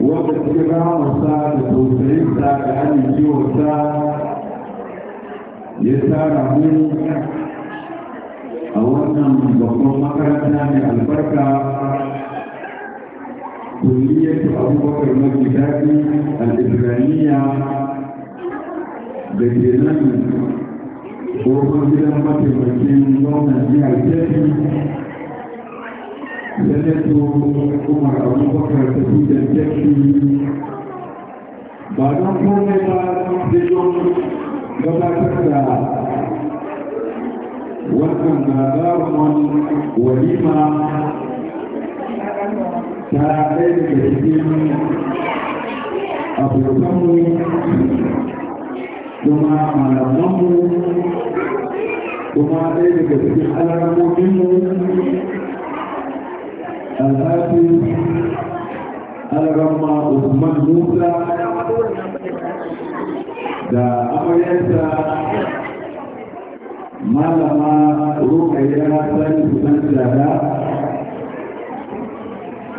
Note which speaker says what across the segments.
Speaker 1: wanda kira ramarsa da tausayinsa da amincewarsa ya tara mu a wannan babban makaranta mai albarka kuliyar abubakar mafi daɗi al-ibraniya da ke nan tsohon gidan mataimakin gwamnan jihar kebbi سنة عمر أبو بكر ba الجبل بعد gabatar da wannan gagarumin walima ta ɗaya daga cikin abokanmu kuma kuma daga cikin alamominmu
Speaker 2: الحافظ
Speaker 1: الرمى عثمان Musa da amaryarsa malama rukayya sani sunan dada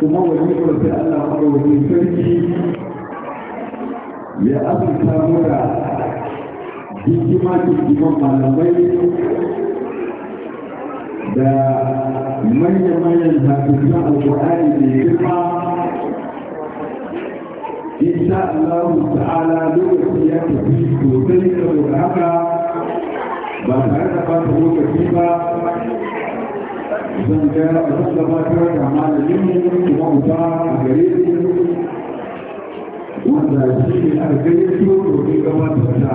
Speaker 1: kuma wani kwarfi allah kwarfi sarki ya azurta mura jikima jikiman malamai da manyan-manyan zafisan alƙur'ani mai girma insha Allah ta'ala lokaci ya tafi sosai saboda haka ba tare da fata lokaci ba zan ga zan gabatar da malamin kuma uba a gare su wanda shi ne a gare su domin gabatar da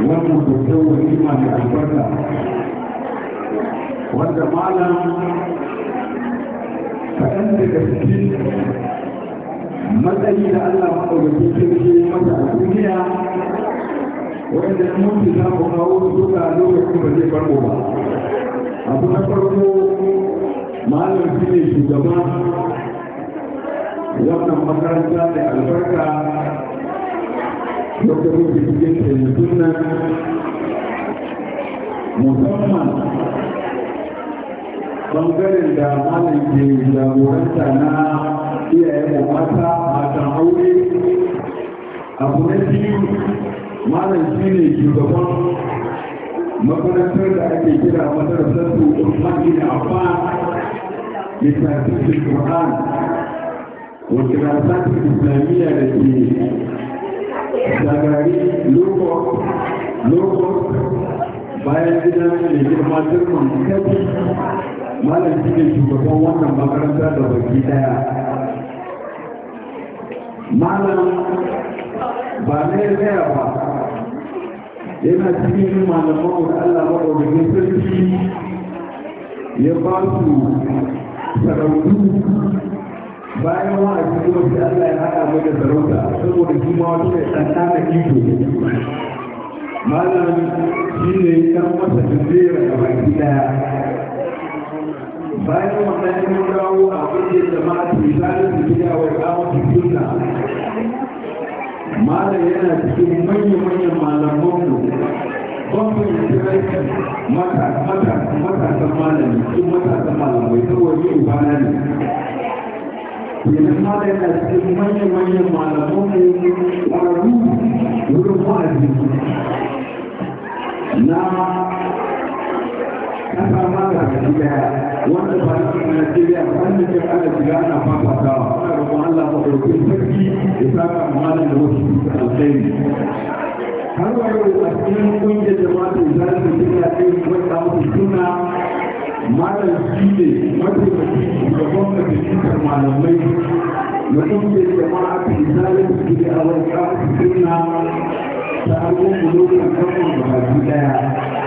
Speaker 1: wannan babbar wani mai albarka wanda malam kaɗan daga cikin matsayi da Allah maɗaukakin kirki mata a duniya wanda ya mutu za ku kawo su ga lokacin ba zai farko ba abu na farko malam shi ne shugaba wannan makaranta da albarka yadda muke cikin taimakon nan
Speaker 2: musamman bangaren da malam ke jagoranta na iyayen mata matan aure abu na biyu
Speaker 1: malam shi ne shugaban makarantar da ake kira madarasar su Usman bin Affan littafin Qur'an wata dirasat islamiyya da ke zagari Lagos bayan gidan mai girma girman kafi malam shi ne shugaban wannan makaranta da baki daya malam ba na ya tsaya ba yana cikin malaman da Allah sarki ya ba su sarautu bayan wa cikin wasu Allah ya haɗa mai da sarauta saboda shi ma wata mai ɗanɗana malam shi ne ya masa jirgin da baki daya bayan wannan yin dawo a kuje jama'a misalin gida wa kawata sunna
Speaker 2: malam yana cikin
Speaker 1: manya-manyan malamanmu ban matasan malami matasan malamai ubana ne yana cikin manya-manyan ƙwararru wurin wa'azi na kasa ma ga kaji daya wanda ba shi Najeriya wanda ke ana shiga ana fafatawa ana roƙon Allah ba ɗauki sarki ya saka malam da wasu alkhairi har wa yau a cikin ƙungiyar jama'a da zai su kira ɗin ta musu suna malam shi ne mataimaki shugaban da ke cikar malamai na ƙungiyar jama'a da zai ta kira a wata musu suna ta hannun gudu a kan baki daya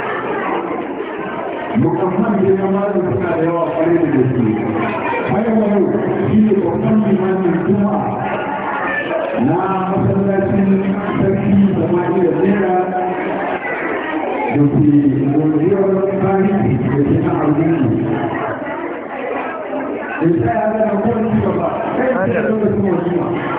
Speaker 1: musamman da ya mara suna da r yawa kwarai r da gaske bayan wani shi ne babban limanin kuma na masallacin sarki da majiyar nera da ke gajiyar tarihi da ke na aljihun da
Speaker 2: ta yi hada da kowace ba kai da ta zama kuma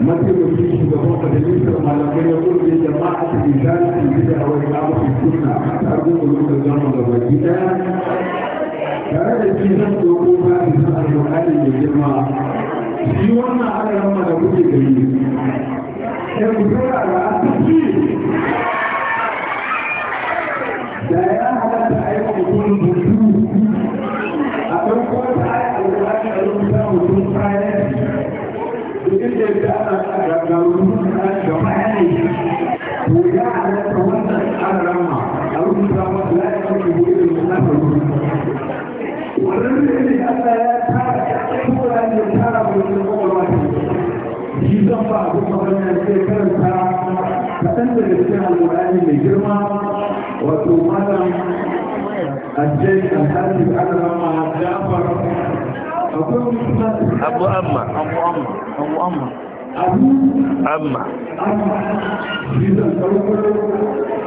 Speaker 1: مثل في شبابات الجسر ملكية يقول لجماعة الإنسان في البدع والإقامة في السنة أرجو قلوب الجامعة الوجيدة كانت الإنسان في بها القرآن للجماعة في وانا على لما نقول جميل يقول على التفكير دائما على halatta a yi wato malam ajiyar alhaji alama jafar akwai wani abu amma abu amma abu amma amma amma shi zan ɗaukar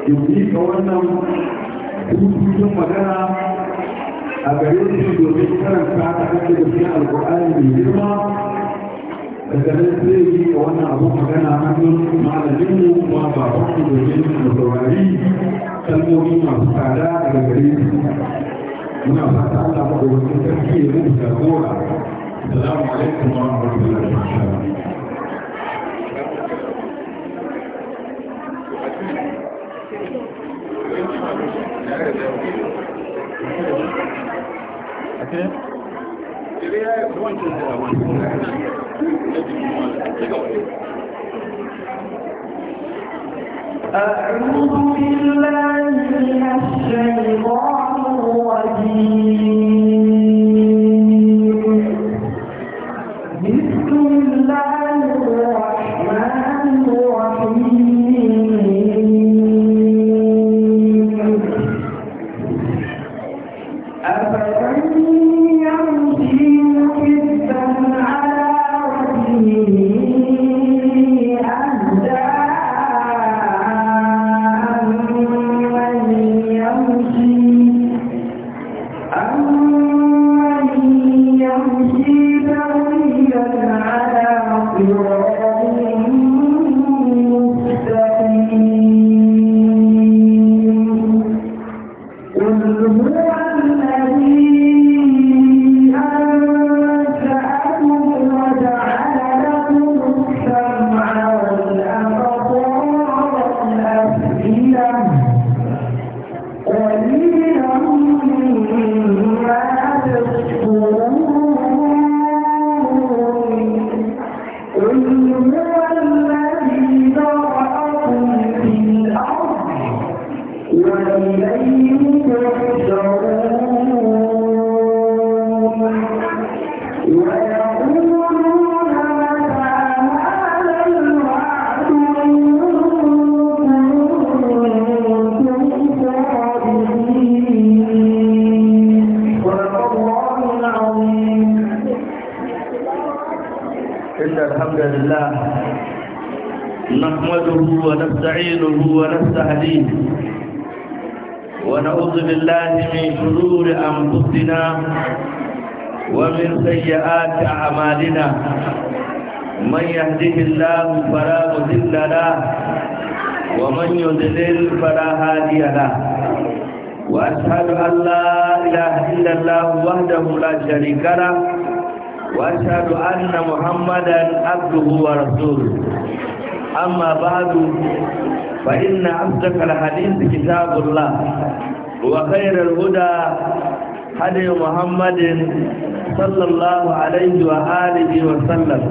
Speaker 1: yanzu ga wannan hutun magana a gare shi domin karanta ta hanyar da alƙur'ani mai girma daga nan zai yi ga wannan abu magana hannun malamin mu kuma ba wani domin mu saurari kalmomi masu tsada daga gare su muna fata Allah ba da wani sarki ya rubuta gora assalamu alaikum wa rahmatullahi wa barakatuh
Speaker 3: وسيئات أعمالنا من يهده الله فلا مضل له ومن يضلل فلا هادي له وأشهد أن لا إله إلا الله وحده لا شريك له وأشهد أن محمدا عبده ورسوله أما بعد فإن أصدق الحديث كتاب الله وخير الهدى هدي محمد صلى الله عليه وآله وسلم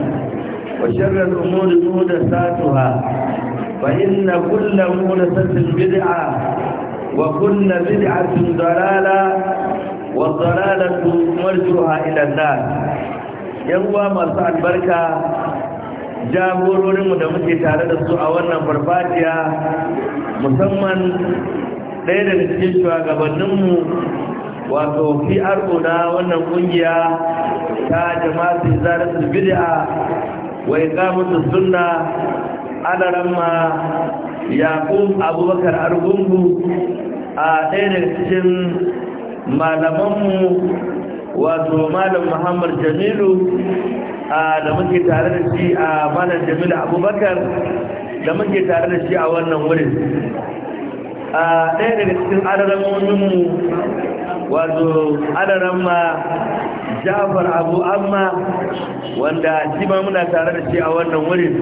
Speaker 3: وشر الأمور مهدساتها فإن كل مهدسة بدعة وكل بدعة ضلالة والضلالة مرجوها إلى النار يوم مساء البركة jagororinmu da muke tare da su a wannan farfajiya musamman ɗaya daga cikin shugabanninmu wato fi na wannan kungiya ta jama'atin zaratul bid'a wa iqamatus sunna ala ramma yaqub abubakar argungu a ɗaya daga cikin malamanmu wato malam muhammad jamilu da muke tare da shi a malam jamilu abubakar da muke tare da shi a wannan wurin a ɗaya daga cikin adadamominmu wato adaran ma jafar abu amma wanda shi ma muna tare da shi a wannan wurin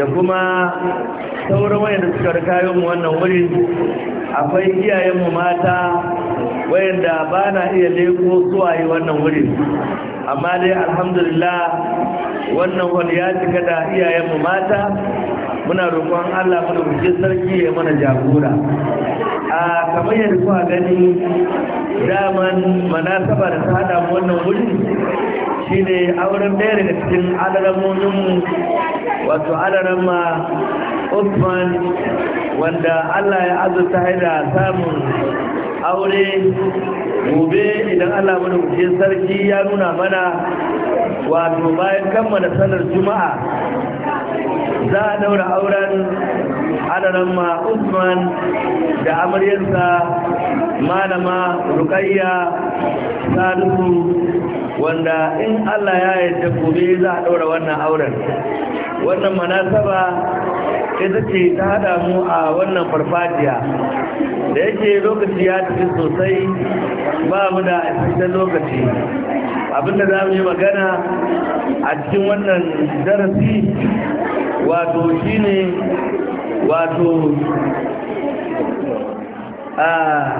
Speaker 3: da kuma sauran wayanda suka rikayo mu wannan wurin akwai iyayenmu mata wayanda ba na iya leko suwaye wannan wurin amma dai alhamdulillah wannan wani ya cika da iyayenmu mata muna roƙon Allah muna sarki ya mana jagora a kamar yadda kuka gani daman manasaba da ta hada wannan wuri shine auren ɗaya daga cikin alalamominmu wato ma Uthman wanda Allah ya azurta haida samun aure gobe idan Allah madaukakin sarki ya nuna mana wato bayan kammala sanar juma'a za a daura auren ma usman da amaryarsa malama rukayya salisu wanda in allah ya yadda gobe za a daura wannan auren wannan manasaba ita ce ta hada mu a wannan farfajiya da yake lokaci ya tafi sosai ba mu da cikin lokaci abinda za mu yi magana a cikin wannan darasi wato ne wato a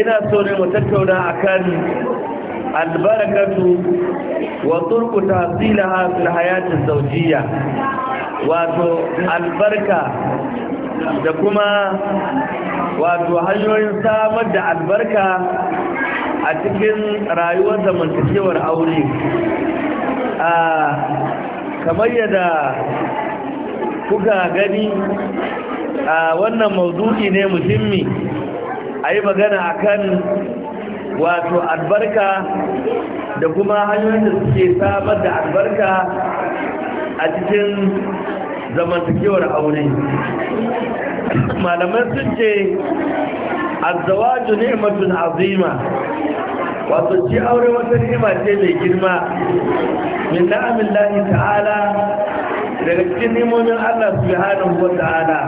Speaker 3: ina so ne mu tattauna akan albarakatu wa turku tahsilaha fil hayatin zawjiyya wato albarka da kuma wato hanyoyin samar da albarka a cikin rayuwar zamantakewar aure a kamar yadda kuka gani a wannan maudu'i ne muhimmi a yi magana a kan wato albarka da kuma hanyoyin da suke samar da albarka a cikin zamantakewar aure malamai sun ce ne ni'matun azima wato shi aure wata ni'ima ce mai girma min na'amin lahi ta'ala daga cikin nemomin Allah subhanahu wa ta'ala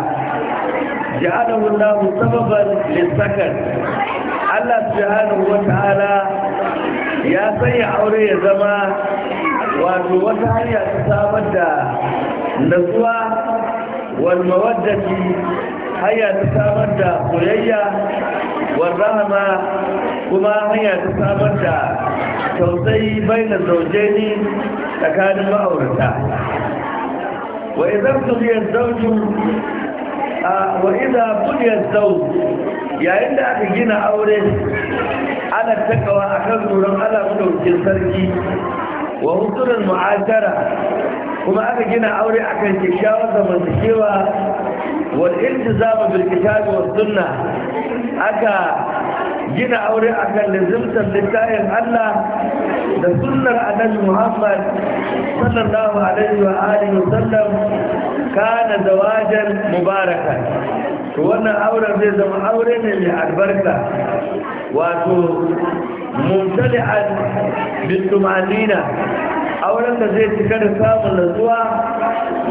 Speaker 3: ja'alahu Allah sababan lisakan Allah subhanahu wa ta'ala ya sanya aure ya zama wato wata hanya ta samar da nutsuwa wal mawaddati hanya ta samar da soyayya wal rahama kuma hanya ta samar da tausayi bainar zaujeni tsakanin ma'aurata wa idan tuliyar zauju wa idan zauju yayin da aka gina aure ana takawa akan tsoron ala sarki wa hutunan mu'ashara kuma aka gina aure akan kyakkyawar zamantakewa wal iltizama bil kitabi was sunna aka gina aure a kan lazimtar littayin Allah da sunnar annabi Muhammad sallallahu alaihi wa alihi wasallam kana zawajan mubaraka to wannan auren zai zama aure ne mai albarka wato mumtali'an bitumanina auren da zai cika da samun nutsuwa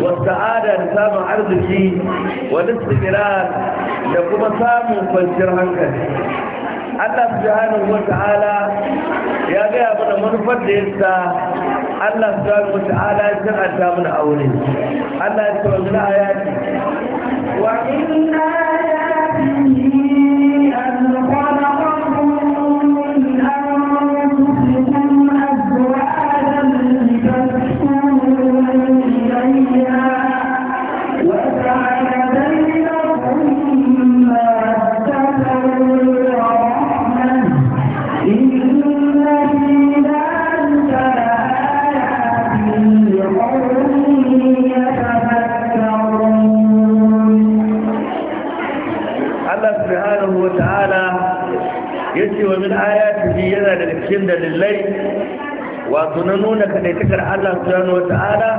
Speaker 3: wa sa'ada da samun arziki wa istiqrar da kuma samun kwanciyar hankali Allah subhanahu wa ta'ala ya gaya mana manufar da yasa Allah subhanahu wa ta'ala ya sananta mana aure Allah ya tsawon ayati wa inna subhanahu wata'ala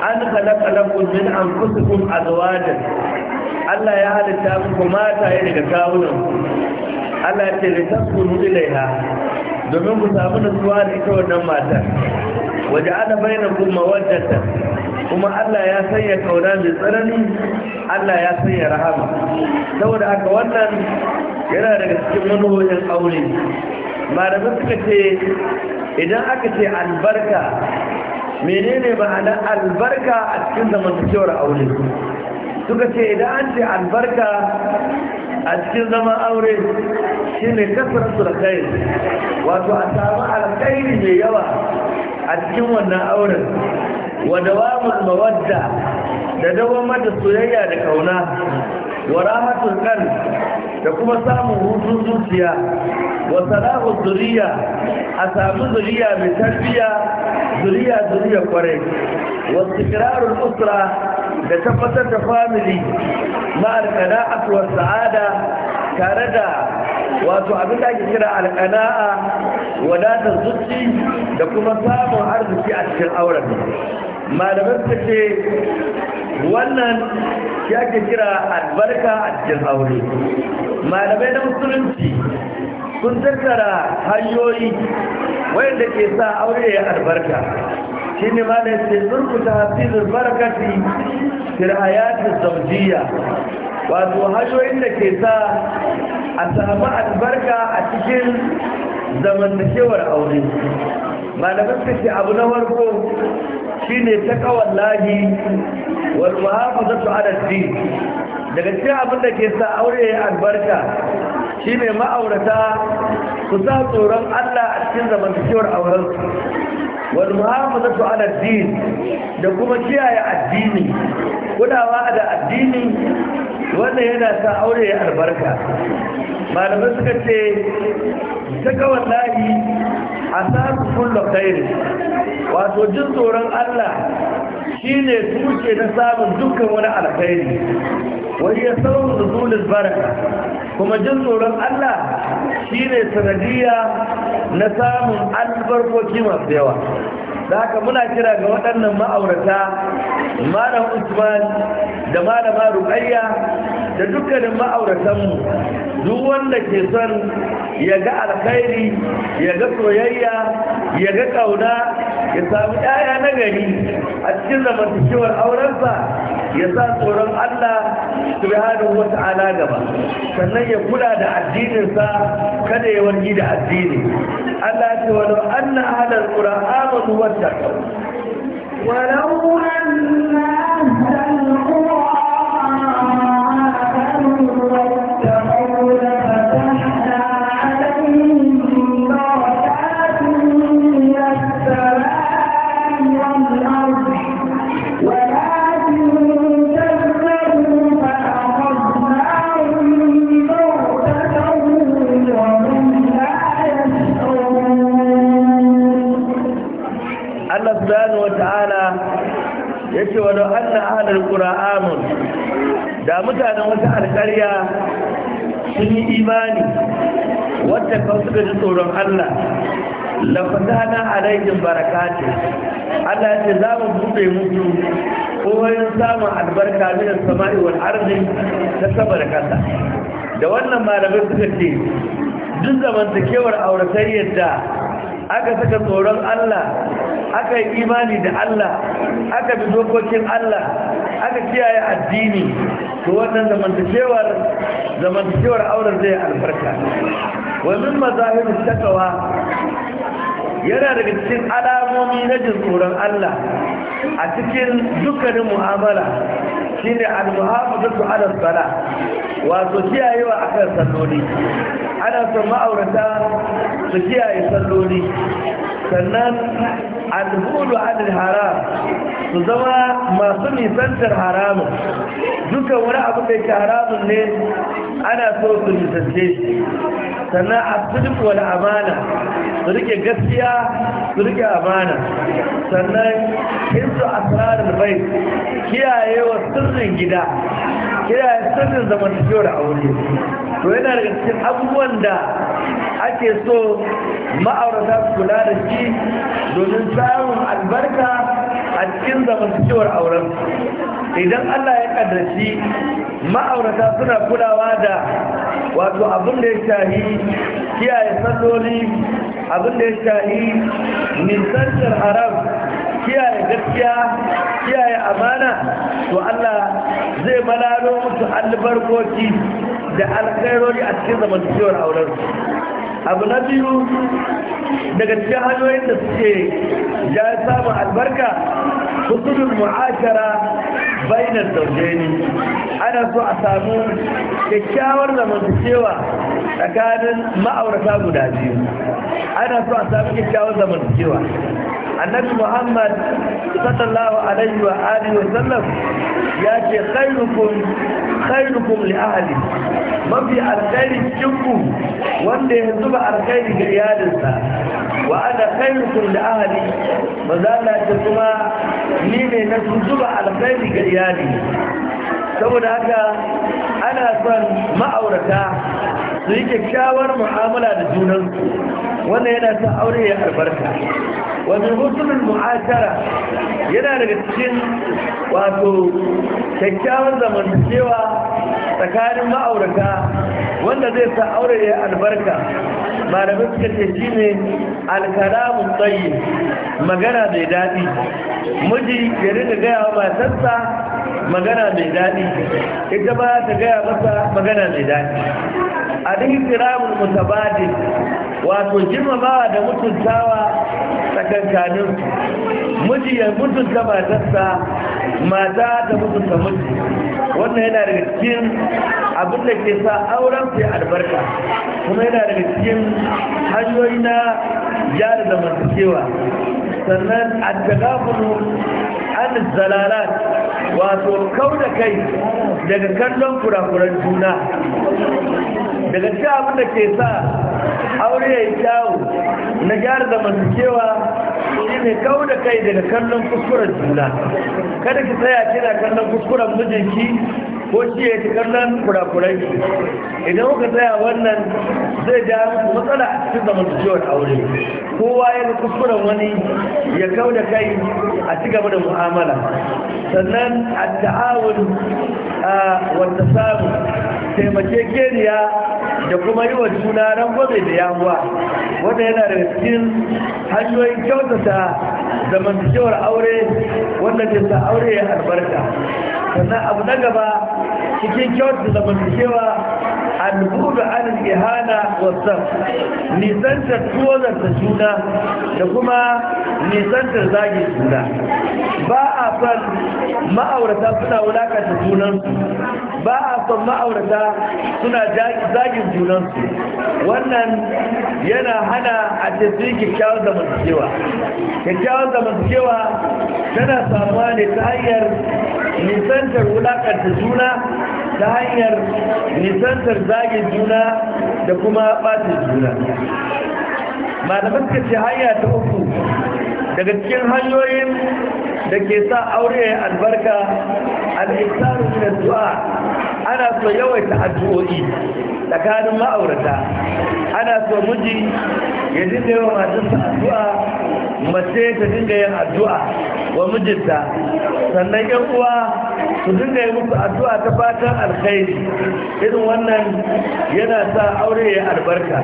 Speaker 3: an khalaqa lakum min anfusikum azwajan Allah ya halitta muku mata ya daga kawunan Allah ya ce litaskunu ilaiha domin ku samu nutsuwa da ita wannan matar waje ana bayyana kuma wajenta kuma Allah ya sanya kauna mai tsanani Allah ya sanya rahama saboda haka wannan yana daga cikin manohin aure malamai suka ce idan aka ce albarka menene ma'ana albarka a cikin zamantakewar aure suka ce idan an ce albarka a cikin zaman aure shi ne kasar surkai wato a samu alkairi mai yawa a cikin wannan auren wadda wa mawadda da dawamar mata soyayya da kauna wa rahatul kan da kuma samun hutun zuciya wa zuriya a samu zuriya mai tarbiya zuriya zuriya kwarai Wasu istiqrarul usra da tabbatar da family ma alqana'at wa sa'ada tare da wato abin da ake kira alqana'a wadatar zuci da kuma samun arziki a cikin auren malamai suka ce wannan ya ke kira albarka a cikin aure malamai na musulunci Kun tattara hanyoyi wanda ke sa aure ya albarka shi ne ma da ce zurkuta hafizin barakati fir'ayatun zaujiya wato hanyoyin da ke sa a samu albarka a cikin zamantakewar aure malamin su ce abu na farko shi ne ta kawan lahi hafi muhafaza su daga cikin abin da ke sa aure ya albarka Shi ne ma'aurata su sa tsoron Allah a cikin zamantakewar aurensu mahaifu muhafazatu ala addini da kuma kiyaye addini kulawa
Speaker 2: da addini
Speaker 3: wanda yana sa aure ya albarka malamai suka ce ta saka lahi." asasu kullu khairi wato jin tsoron Allah shine tuke na samun dukkan wani alkhairi wani ya da nuzulul baraka kuma jin tsoron Allah
Speaker 2: shine sanadiyya
Speaker 3: na samun albarkoci masu yawa da haka muna kira ga waɗannan ma'aurata malam usman da Malam ruqayya da dukkanin ma'auratanmu duk wanda ke son ya ga alkhairi ya ga soyayya ya ga kauna ya samu ɗaya na gari a cikin zamantakewar aurensa ya sa tsoron Allah subhanahu ta'ala gaba sannan ya kula da addininsa kada ya wargi da addini Allah ce walau anna ahlal qura amanu wattaqu
Speaker 4: walau anna
Speaker 3: kana ahalar ƙura'amun da mutanen wata alƙarya sun yi imani Wata kan suka ji tsoron Allah lafatana alaikin barakatun Allah ce za mu buɗe musu koyon samun albarka minan sama'i wani arzi ta saba da kasa da wannan malamai suka ce duk zamantakewar auratayyar da aka saka tsoron Allah aka yi imani da Allah aka bi dokokin Allah aka kiyaye addini to wannan zamantakewar zamantakewar auren zai albarka wa min takawa
Speaker 2: yana daga cikin alamomi na
Speaker 3: jin tsoron Allah a cikin dukkanin mu'amala shine al-muhafazatu ala sala wato kiyayewa akan salloli ana son ma'aurata su kiyaye salloli sannan alhulu anil haram su zama masu nisantar haramun duka wani abu da ke haramun ne ana so su nisance sannan a sulhu wal amana su rike gaskiya su rike amana sannan hinsu asrarin bai kiyaye wa sirrin gida kiyaye sirrin zamantakewar aure to yana daga cikin abubuwan da ake so ma'aurata su kula da shi domin samun albarka a cikin zamantakewar auren idan Allah ya kaddashi ma'aurata suna kulawa da wato abin da ya shahi kiyaye salloli abin da ya shahi nisantar haram kiyaye gaskiya kiyaye amana to Allah zai malalo musu albarkoci da alkhairori a cikin zamantakewar auren abu na biyu daga cikin hanyoyin da suke ya samun albarka kusurin mu'ashara bainar zaujeni ana so a samu kyakkyawar zamantakewa tsakanin ma'aurata guda biyu ana so a samu kyakkyawar zamantakewa annabi muhammad sallallahu alaihi wa alihi wa ya ce khairukum khairukum li ahli mafi alkhairi cikinku wanda ya zuba alkhairi ga iyalinsa wa ana khairukum li ahli mazala ta kuma ni ne na zuba alkhairi ga iyali saboda haka ana son ma'aurata su yi kyakkyawar mu'amala da junansu wanda yana ta aure ya albarka wani husnul mu'atara yana daga cikin wato kyakkyawar zamantakewa tsakanin ma'aurata wanda zai sa aure ya albarka malamin suka ce shi ne alkalamun tsayi magana mai daɗi miji ya rika gaya wa matarsa magana mai daɗi ita ba ta gaya masa magana mai daɗi ta mutabadil wato girmamawa da mutuntawa tsakankanin muji ya mutunta matarsa mata da mutunta muji, wannan yana daga cikin abin da ke sa auren sai albarka kuma yana da cikin hanyoyi na gyara zamantakewa sannan a an zalalat wato kau da kai daga kallon kurakuran juna daga cikin abinda ke sa aure ya yi kyawu na gyara zamantakewa shi ne kawo da kai daga kallon kuskuren juna kada ki tsaya kina kallon kuskuren mijinki ko shi ya ci kallon kurakurai idan kuka tsaya wannan zai ja matsala a cikin zamantakewar aure kowa ya ga kuskuren wani ya kawo da kai a ci gaba da mu'amala sannan a ta'awun ah, wata samu taimakekeniya da kuma yi wa juna ran gobe da yamuwa wanda yana da cikin hanyoyin kyautata zamantakewar aure wanda ke sa aure ya albarka sannan abu na gaba cikin kyautata zamantakewa al-bu'd an al-ihana wa zaf nisanta ta juna da kuma nisantar zagi juna ba a san ma'aurata suna wulakanta junansu ba a san ma'aurata suna zagin junansu wannan yana hana a tafi kyakkyawar zamantakewa kyakkyawar zamantakewa tana samuwa ne ta hanyar nisantar wulakanta juna ta hanyar nisantar zage juna da kuma ɓata juna malamin ka ce hanya ta uku daga cikin hanyoyin da ke sa aure ya albarka al'isaru da zuwa ana so yawaita addu'o'i tsakanin ma'aurata ana so miji ya dinga yawan matarsa addu'a mace ta dinga yin addu'a wa mijinta sannan yan uwa su dinga yi musu addu'a ta fatan alkhairi irin wannan yana sa aure ya albarka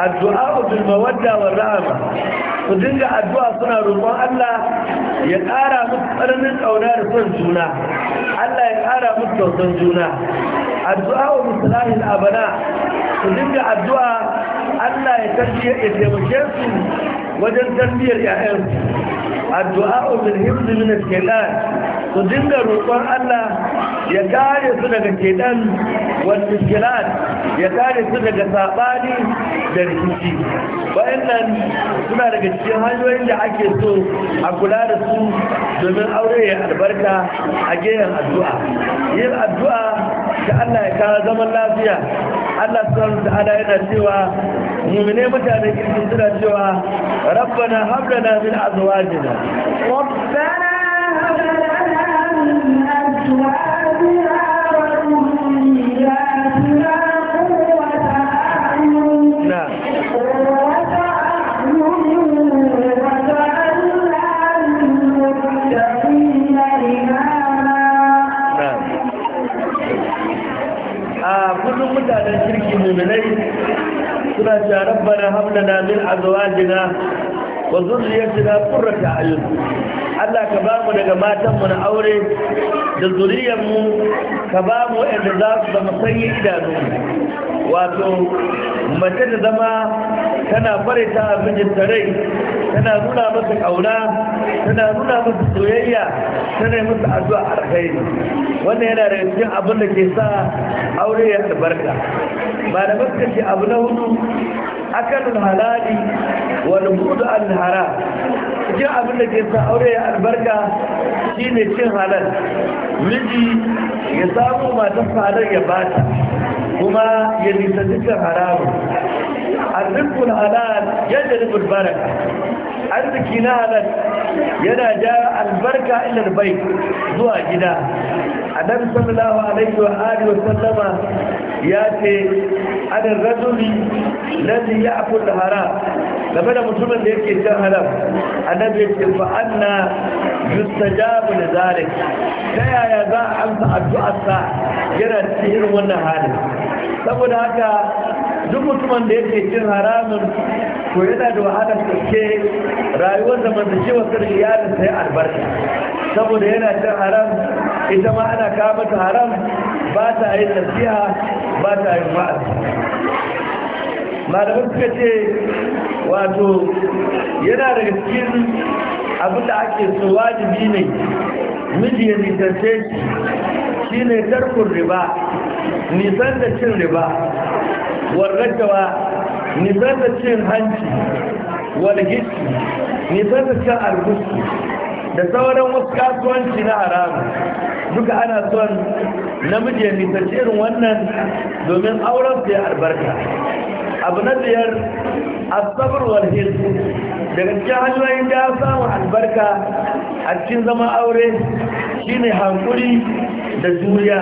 Speaker 3: addu'a bil mawadda wa rahama su dinga addu'a suna roƙon Allah ya ƙara musu tsananin ƙauna da son juna Allah ya ƙara musu tausan juna addu'a wa musulahil abana su dinga addu'a Allah ya taimake su wajen tarbiyyar 'ya'yansu addu'a wa min himzi min su dinga roƙon Allah ya kare su daga keɗan ya daga يكاري da rikici. للكوشي suna daga cikin hanyoyin da ake so a kula da su domin aure ya albarka a gehen addu'a yin addu'a da Allah ya kawo zaman lafiya Allah subhanahu ta'ala yana cewa mu'mine mutane kirkin suna cewa rabbana hab lana min azwajina
Speaker 4: rabbana hab lana min azwajina
Speaker 3: mutanen kirki muminai suna bana rabbana na min azwajina wa zurriyatina qurrata a'yun Allah ka ba mu daga matan mu na aure da zuriyar mu ka ba mu yadda za su zama sanyi idanu wato mace da zama tana farita a mijinta rai tana nuna masa ƙauna tana nuna masa soyayya tana yi masa addu'a alkhairi wannan yana da cikin abin da ke sa aure ya albarka ba da masu ce abu na hudu akan halali wal budu al hara cikin abin da ke sa aure ya albarka shine cin halal miji ya samu matan fadar ya bata kuma ya nisa dukkan haramun arzikin halal yadda nufin barak arziki na halal yana ja albarka ilar bai zuwa gida nan sallallahu alaihi wa Ali wa sallama ya ce adan rajuli ladhi ya'kul haram game da mutumin da yake cin haram annabi ya ce fa anna yustajabu li zalik ta yaya za a amsa addu'arsa yana cikin irin wannan halin saboda haka duk mutumin da yake cin haramun ko yana da wahalar sosai rayuwar da zamantakewar sa da iyalinsa ya albarka saboda yana cin haram ita ma ana kawo mata haram ba ta yi nasiha ba ta yi wa'azi malamin suka ce wato yana daga cikin abin da ake so wajibi ne miji ya nisance shi ne tarkun riba nisan da cin riba warrajawa nisan da cin hanci walgici nisan da cin argusu da sauran wasu kasuwanci na haramu duka ana son namiji ya nisanci irin wannan domin auren su ya albarka abu na biyar asabar walhir daga cikin hanyoyin da ya samu albarka a cikin zama aure shine hankuri da juriya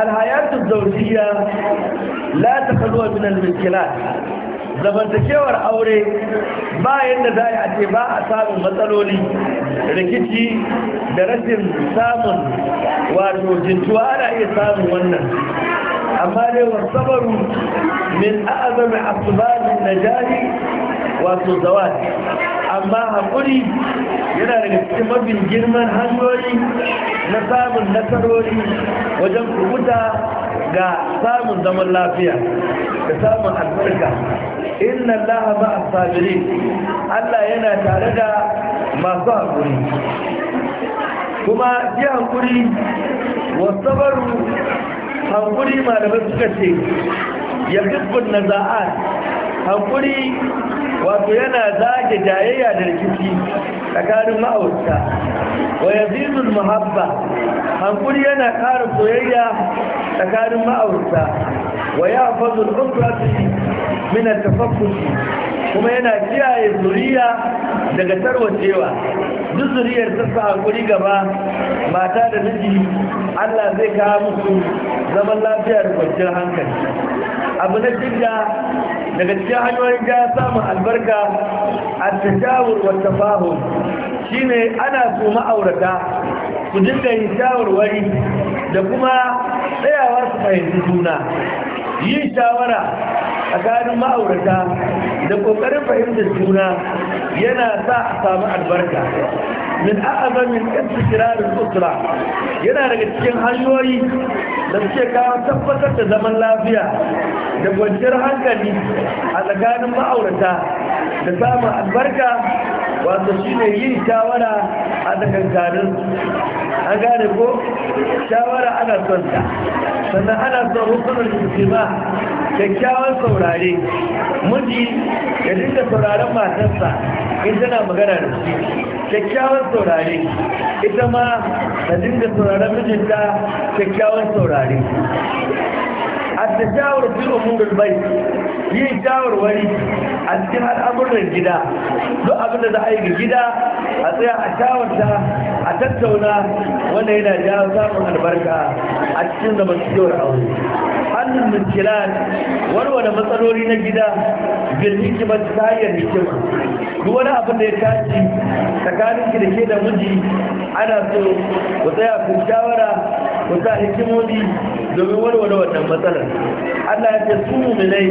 Speaker 3: alhayatu zawjiyya la takhlu min al-mushkilat zamantakewar aure ba yadda za a ce ba a samun matsaloli rikici da rashin samun wato jintuwa ana iya samun wannan amma dai wasabaru min a'azami asbabin najari wato zawad amma haƙuri yana da cikin mafi girman hanyoyi na samun nasarori wajen kubuta ga samun zaman lafiya da samun albarka inna allaha ma allah yana tare da masu haƙuri kuma ji haƙuri wasu baru haƙuri malamai suka ce ya fiskun na za'a haƙuri wato yana zage jayayya da rikici tsakanin ma'aurata wa yazidul muhabba hankuri yana ƙara soyayya tsakanin ma'aurata wa yahfazul
Speaker 2: ukhrati
Speaker 3: min at-tafakkur kuma yana kiyaye zuriya daga tarwacewa duk zuriyar ta sa hakuri gaba mata da miji Allah zai kawo musu zaman lafiya da kwanciyar hankali abu na shida daga cikin hanyoyin ga samun albarka a tashawur wa tafahum shine ana su ma'aurata su dinga yin shawarwari da kuma tsayawar su fahimci juna yin shawara tsakanin ma'aurata da ƙoƙarin fahimtar juna yana sa a samu albarka min a'azamin ƙasar kirarin usra yana daga cikin hanyoyi da ce ka tabbatar da zaman lafiya da kwanciyar hankali a tsakanin ma'aurata da samun albarka wato ne yin shawara a tsakankanin an gane ko shawara ana son ta sannan ana son hukumar jisima kyakkyawan saurare
Speaker 2: miji ya dinga
Speaker 3: sauraren matarsa in tana magana da shi kyakkyawar saurare ita ma ta dinga sauraren mijinta kyakkyawar saurare a tashawar fil umurul bai yin wani a cikin al'amuran gida duk abinda za a yi ga gida a tsaya a shawarta a tattauna wanda yana jawar samun albarka a cikin zamantakewar aure hannun mutilan, warware matsaloli na gida bil hikima ta hanyar hikima duk wani abin da ya tashi tsakanin ki da ke da miji ana so ku tsaya ku shawara ku sa hikimomi domin warware wannan matsalar Allah ya ce su muminai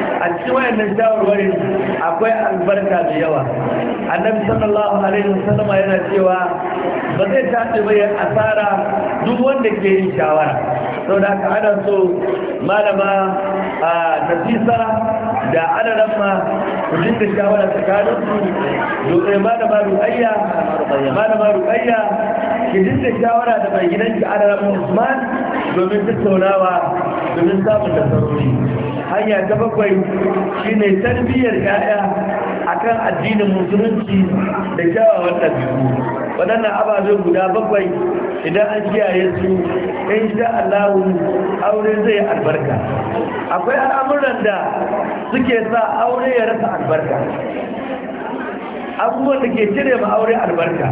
Speaker 3: a cikin wayan wayannan shawarwarin akwai albarka da yawa annabi sallallahu alaihi wasallam yana cewa ba zai tafi mai asara duk wanda ke yin shawara sau da aka ana so malama a nafisa da adadan ma su dinga shawara tsakanin su domin malama ruƙayya malama ruƙayya ki dinga shawara da mai gidanki Adarama usman domin tattaunawa domin samun nasarori hanya ta bakwai ne tarbiyyar ya'ya a kan addinin musulunci da kyawawan ɗabi'u waɗannan ababen guda bakwai idan an kiyaye su in sha Allah aure zai albarka akwai al'amuran da suke sa aure ya rasa albarka abubuwan da ke cire ma aure albarka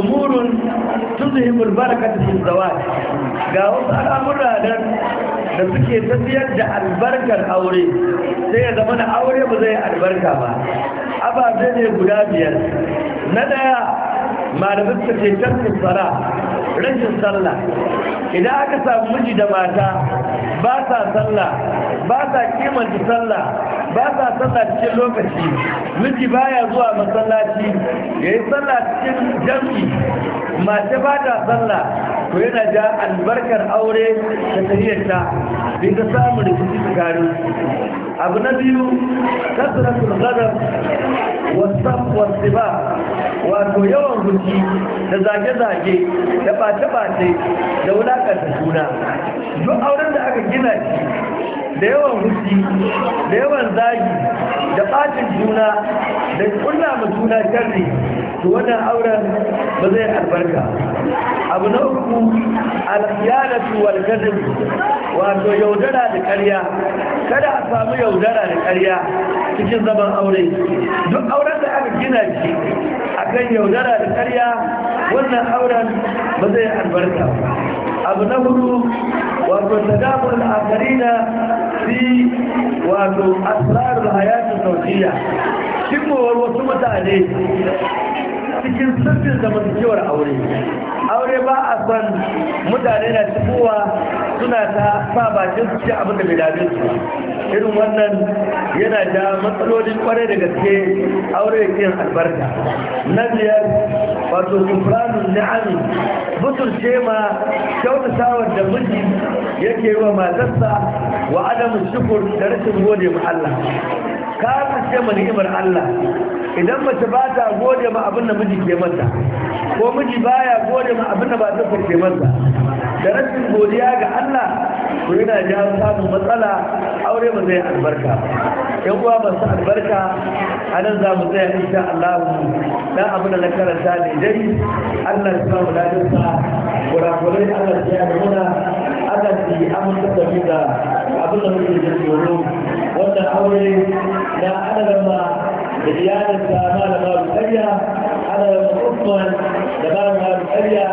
Speaker 3: umurun tuzhimul barakatu fi zawa ga wasu al'amura don da suke tafiyar da albarkar aure sai ya zama na aure ba zai albarka ba ababe ne guda biyar na daya malamin suka ce tarkin tsara rashin sallah idan aka samu miji da mata ba sa sallah ba sa kimanta sallah ba sa sallah cikin lokaci miji baya zuwa masallaci ya yi sallah cikin jam'i mace ba ta sallah to yana ja albarkar aure da tahiyarta bin ka samu rikici tsakanin abu na biyu kasratul ghadab wasu ba wato yawan huci da zage-zage da bace-bace da da juna duk auren da aka gina da yawan huci da yawan zagi da bacin juna da kulla ma juna sharri to wannan auren ba zai albarka abu na uku alkhiyanatu wal kadhib wato yaudara da karya, kada a samu yaudara da karya cikin zaman aure duk auren da aka gina shi akan yaudara da karya,
Speaker 2: wannan auren
Speaker 3: ba zai albarka abu na hudu wato tadabur al-akharina fi wato asrar al-hayat al-zawjiyya kimowar wasu mutane cikin sirrin zamantakewar aure aure ba a son mutane na cikowa suna ta sa bakin su ci abin da bai dame su irin wannan yana da matsalolin kwarai da gaske aure da yin albarka na biyar wato kufranun ni'ami mutunce ma kyautatawar da miji yake yi wa matarsa wa adamu shukur da rashin gode ma Allah ka kace ma ni'imar Allah idan mace ba ta gode ma abin da miji ke mata ko miji baya gode ma abin da ba ta farke masa da rashin godiya ga Allah ko yana jawo samun matsala aure ba zai albarka yan uwa masu albarka a nan za mu tsaya insha Allah na abin da na karanta ne dai Allah ya samu lafiya kurakurai Allah ya yi muna Allah ya amince da mu da abin da muke jin tsoro wannan aure na adadin بديانة أمانة ما بسرية على مصطن دبان ما بسرية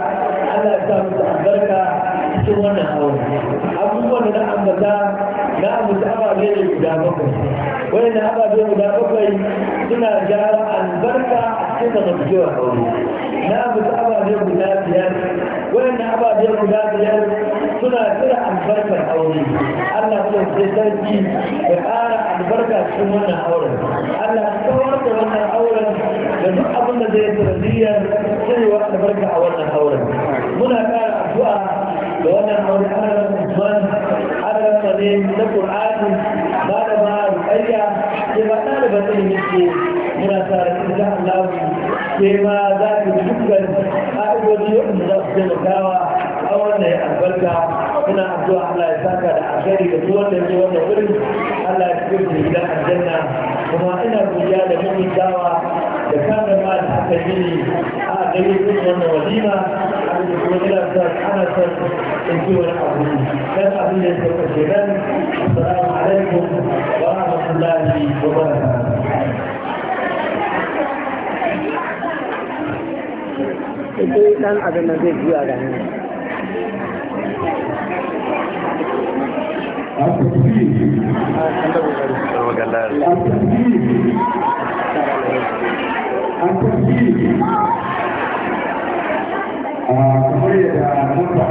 Speaker 3: على أسامة أحبركة cikin wannan awon abubuwan da na ambata na ambata ababe ne guda bakwai wani na ababe guda bakwai suna jawo albarka a cikin da zamantakewar aure na ambata ababe guda biyar wani na ababe guda biyar suna cire albarkar aure Allah ko sai sarki ya ƙara albarka cikin wannan auren Allah ya kawar da wannan auren da duk abin da zai sanadiyar cirewa albarka a wannan auren da wannan wani adadin musulman adadin tsare na ƙur'ani ba da ma rukayya ke ba ɗaliban ilimin ke muna sa da insha Allah ke ma za ku dukkan ƙa'idoji waɗanda za su taimakawa a wannan ya albarka muna addu'a Allah ya saka da alheri da duk wanda ya wannan wurin Allah ya cikin da gidan aljanna kuma ina godiya da mutuntawa da kamar ma da aka yi
Speaker 1: a ɗaya sun wannan walima kuma ina sa ana son in ji wani abu kan abin da ya sauka ke nan assalamu alaikum wa rahmatullahi wa barakatuh
Speaker 3: Idan ɗan abin da zai juya ga hannun.
Speaker 1: التكبير التكبير a kamar yadda mun faɗa